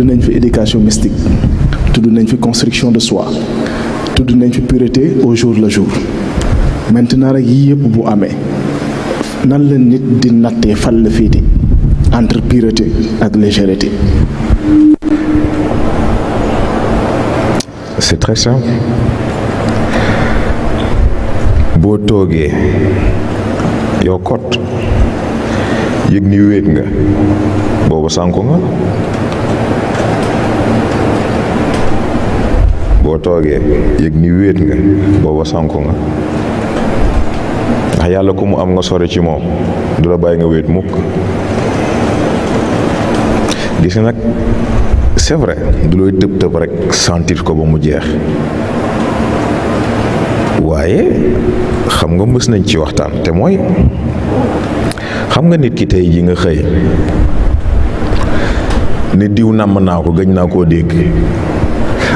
tudd éducation mystique tout nañ fi construction de soi tout nañ fi pureté au jour le jour maintenant rek yii yëpp bu nan la nit di nattee fal la féete entre pureté et légèreté. c'est très simple bo togué yo kot yëg ni wéet nga boobu sànku nga. boo toogee yëg ni wéet nga booba sanku nga ndax yàlla ko mu am nga sore ci moom du la bàyyi nga wéet mukk gis nag c'est vrai du looy tëb tëb rek sentir ko ba mu jeex waaye xam nga mës nañ ci waxtaan te mooy xam nga nit ki tey ji nga xëy ne diw nàmm naa ko gëj naa koo dégg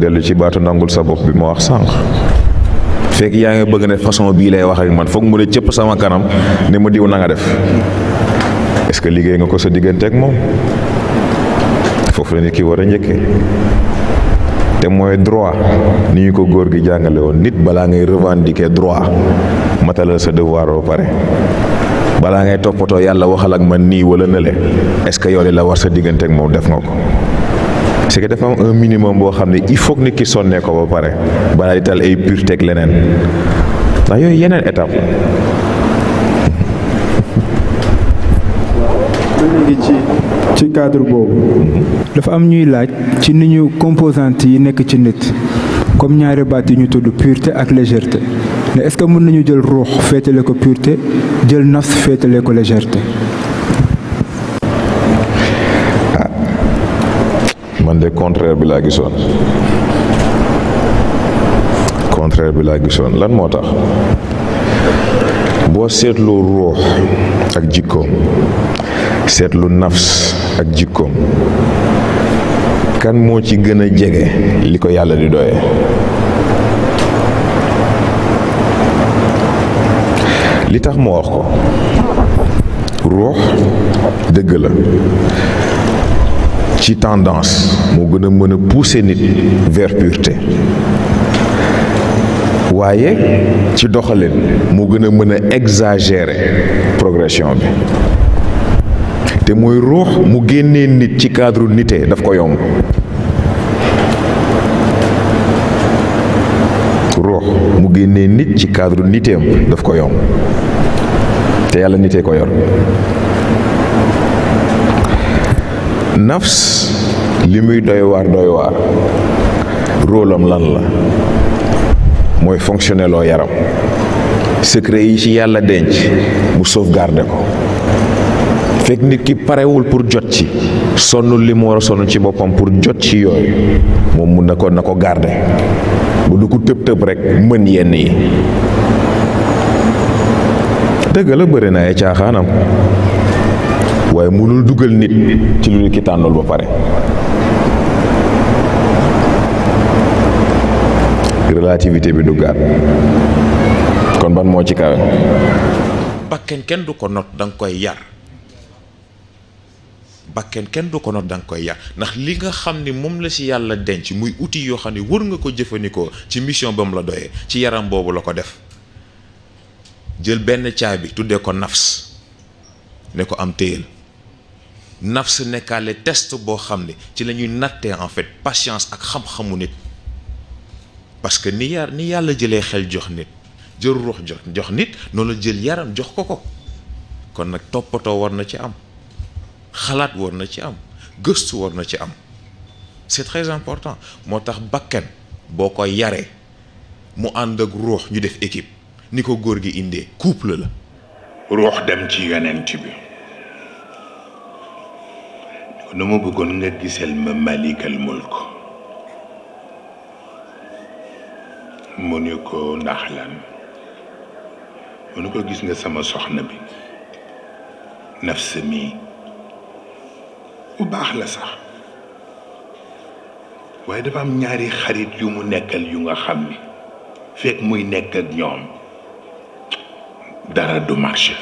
delu ci batu nangul sa bop bi mo wax sank fek ya nga bëgg ne façon bi lay wax ak man foog mu le cëpp sama kanam ne ma diw na nga def est-ce que liggéey nga ko sa diggante ak mom fofu la nit ki wara ñëkke té moy droit ni ko gor gi jàngale won nit bala ngay revendiquer droit matalal sa devoir pare bala ngay topoto yalla waxal ak man ni wala est-ce que la war sa diggante ak mom def nga ko c'est que dafa am un minimum boo xam ne il faut que nit ki sonnee ko ba pare balaa di tal ay pureté ak leneen ndax yooyu yeneen étape ci ci cadre boobu dafa am ñuy laaj ci ni ñu composante yi nekk ci nit comme ñaari baat yi ñu tudd pureté ak légèreté mais est-ce que mën nañu jël ruux féetale ko pureté jël nafs féetale ko légèreté man de bi laa gisoon contraire bi laa gisoon lan moo tax boo seetloo ak jikkoom seetlu nafs ak jikkoom kan moo ci gën a jege li ko yàlla di doye li tax mu wax ko ruux dëgg la ci tendance mo gëna mëna pousser nit vers pureté wayé ci doxalin mo gëna mëna exagérer progression bi te moy roh mu génné nit ci cadre nité daf ko yom roh mu génné nit ci cadre nitéem daf ko yom té yalla nité ko yor nafs li muy doy waar doy waar lan la mooy fonctionner loo yaram secret yi ci yàlla denc mu sauvegarder ko fekk nit ki parewul pour jot ci sonnul li mu war a sonn ci boppam pour jot ci yooyu moom mun na ko na ko garder bu du tëb tëb rek mën yenn yi dëgg la bëri na ay caaxaanam waaye mënul dugal nit ci lu ñu ki tànnal ba pare relativité bi du duggaat kon ban moo ci kawe bakken kenn du ko not danga koy yar bakken kenn du ko not danga koy yar ndax li nga xam ni moom la ci yàlla denc muy outil yoo xam ne wër nga ko jëfandikoo ci mission ba mu la doyee ci yaram boobu la ko def jël benn bi tuddee ko nafs ne ko am téyel nafs nekkaale test bo xamné ci lañuy naté en fait patience ak xam-xamu nit parce que ni yar ni yalla jëlé xel jox nit jël ruh jox jox nit noonu la jël yaram jox koko kon nak toppatoo war ci am xalaat war na ci am gëstu war na ci am c'est très important motax bakken boko yaré mu ànd ak ruh ñu def équipe niko gor gui indé couple la ruh dem ci yonent bi nu ma bëggoon nga gisal ma malikal mulk mu ni ko ndax lan mu ni ko gis nga sama soxna bi nafs mii bu baax la sax waaye dafa am ñaari xarit yu mu nekkal yu nga xam ni fekk muy nekk ak ñoom dara du marché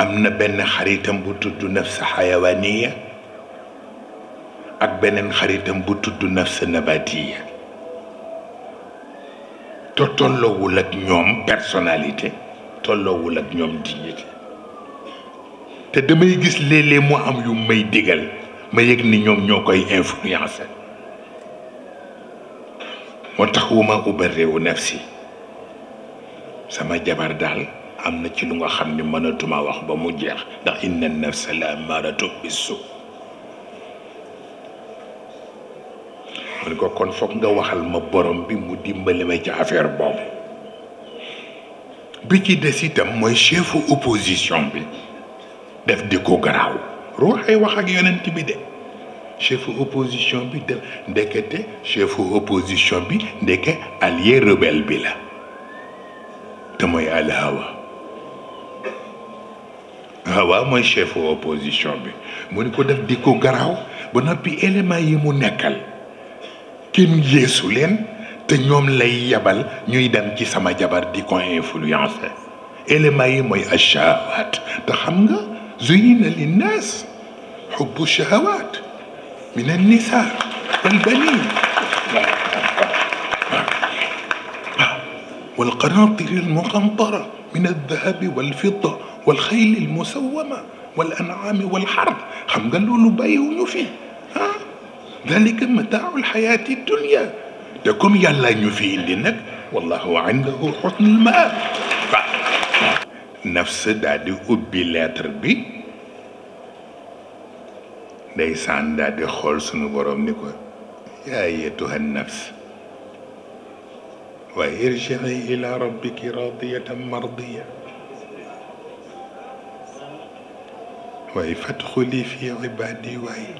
am na benn xaritam bu tudd nafsa xayawaaniya ak beneen xaritam bu tudd nafsa nabatiya te tolloowul ak ñoom personnalité tolloowul ak ñoom dignité te damay gis léeg-léeg mu am yu may digal ma yëg ni ñoom ñoo koy influencé moo tax wu ma ubarrewu nafsi sama jabar daal am na ci lu nga xam ni mënatuma wax ba mu jeex ndax inna nafsa la amaratu bisu man ko kon foog nga waxal ma borom bi mu dimbali ma ci affaire boobu bi ci des itam mooy chefu opposition bi def di ko garaaw ruuxay wax ak yonent bi de chefu opposition bi def ndekete chefu opposition bi ndeke allié rebelle bi la te mooy alhawa هو موي شيف اوبوزيسيون بي مون كو داف ديكو غراو با نوبي اليما يي مو نيكال كين ييسو لين تي نيوم لاي يابال نيوي دام كي سما جبار ديكو انفلوينس اليما يي موي الشهوات تا خمغا زين للناس حب الشهوات من النساء والبنين والقناطر المقنطرة من الذهب والفضة والخيل المسومة والأنعام والحرب هم قالوا لبي ونفي ها ذلك متاع الحياة الدنيا تكم يلا نفي لنك والله عنده حسن الماء ف... نفس دادي أبي لا تربي ديسان دادي خلص نبرم نكو يا أيتها النفس وارجعي إلى ربك راضية مرضية waaye fadxuli fi ibaadi waay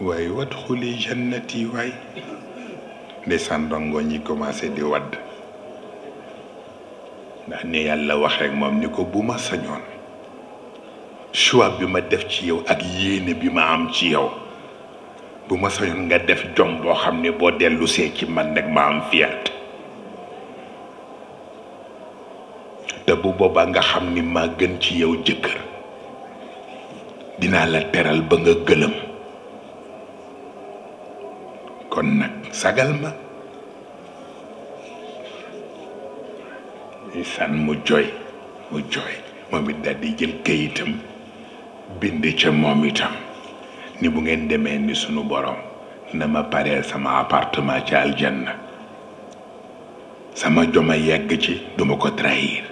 waaye wadxuli jannati waay ndeysaan ndongo ñi commencé di wadd ndax ni yàlla wax rek moom ni ko bu ma sañoon choix bi ma def ci yow ak yéene bi ma am ci yow bu ma sañoon nga def jom boo xam ne boo dellusee ci man nag ma am fierté te bu boobaa nga xam ni maa gën ci yow jëkkër dinaa la teral ba nga gëlëm kon nag sagal ma san mu jooy mu jooy moom it daldi jël këyitam bind ca moom itam ni bu ngeen demee ni sunu borom na ma pare sama appartement ci aljanna sama joma yegg ci duma ko trahir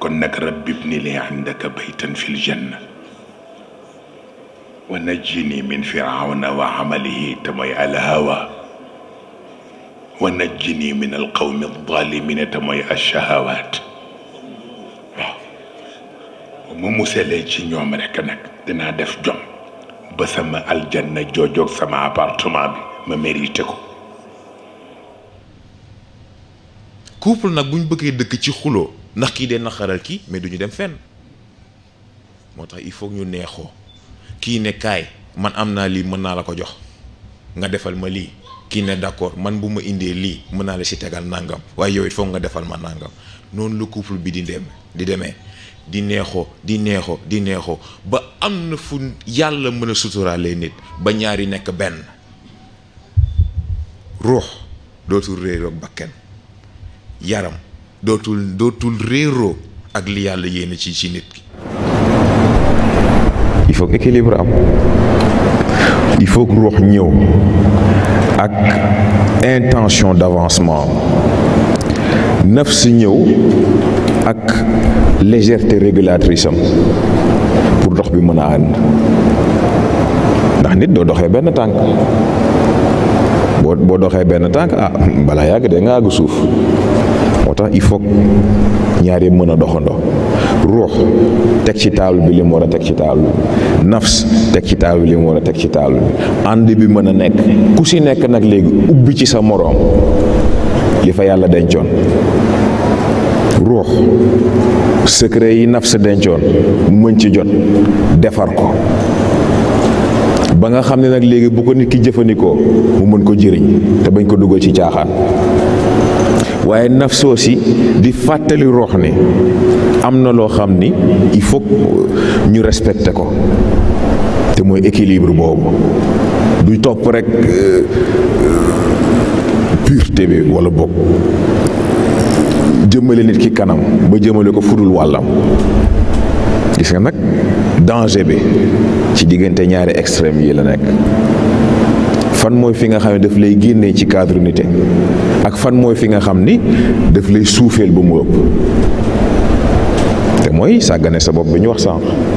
kon nag rabbib ni li indaka baytan fil janna ونجني من فرعون وعمله تمي الهوى ونجني من القوم الظالمين تمي الشهوات ومسلجي نيوم ركنك دنا دف جم بسما الجنه جوجوك سما ابارتمان ما ميريتكو كوبل نك بوغي بوغي دك سي خولو نخ دي نخرال كي مي دوني دم فين موتا يفوك نيو نيهو kii ne kaay man am naa lii mën naa la ko jox nga defal ma lii kii ne d'accord man bu ma indee lii mën naa la si tegal nangam waaye yow it foog nga defal ma nàngam noonu lu couple bi di dem di demee di neexoo di neexoo di neexoo ba am na fu yàlla mën a suturaalee nit ba ñaari nekk benn ruux dootul réeroo ak bakken yaram dootul dootul réeroo ak li yàlla yéene ci ci nit ki faut équilibre am il faut que ruux ñew ak intention d'avancement neuf si ñëw ak légèreté régulatrice pour dox bi mëna and ndax nit do doxé ben tank bo boo doxee benn tànk ah bala yag de nga àgg il faut ñaari mëna doxando ruux teg ci table bi li mu war a teg ci table bi nafs teg ci table bi li mu war a teg ci table bi ànd bi mën a nekk ku si nekk nag léegi ubbi ci sa moroom li fa yàlla dencoon ruux secret yi nafs dencoon mën ci jot defar ko ba nga xam ne nag léegi bu ko nit ki jëfandikoo mu mën ko jëriñ te bañ ko dugal ci caaxaan waye nafsoo aussi, di fatali roox ne lo na il faut ñu respecter ko te moy équilibre bobu du top rek euh, pureté bi wala bok jëmale nit ki kanam ba jëmale ko fudul wàllam gis nga nak danger bi ci diggante ñaari extrême yi la nek fan mooy fi nga xam ne daf lay génnee ci cadre nité ak fan mooy fi nga xam ni daf lay suufeel ba mu ëpp te mooy sàggane sa bopp bi ñu wax sànq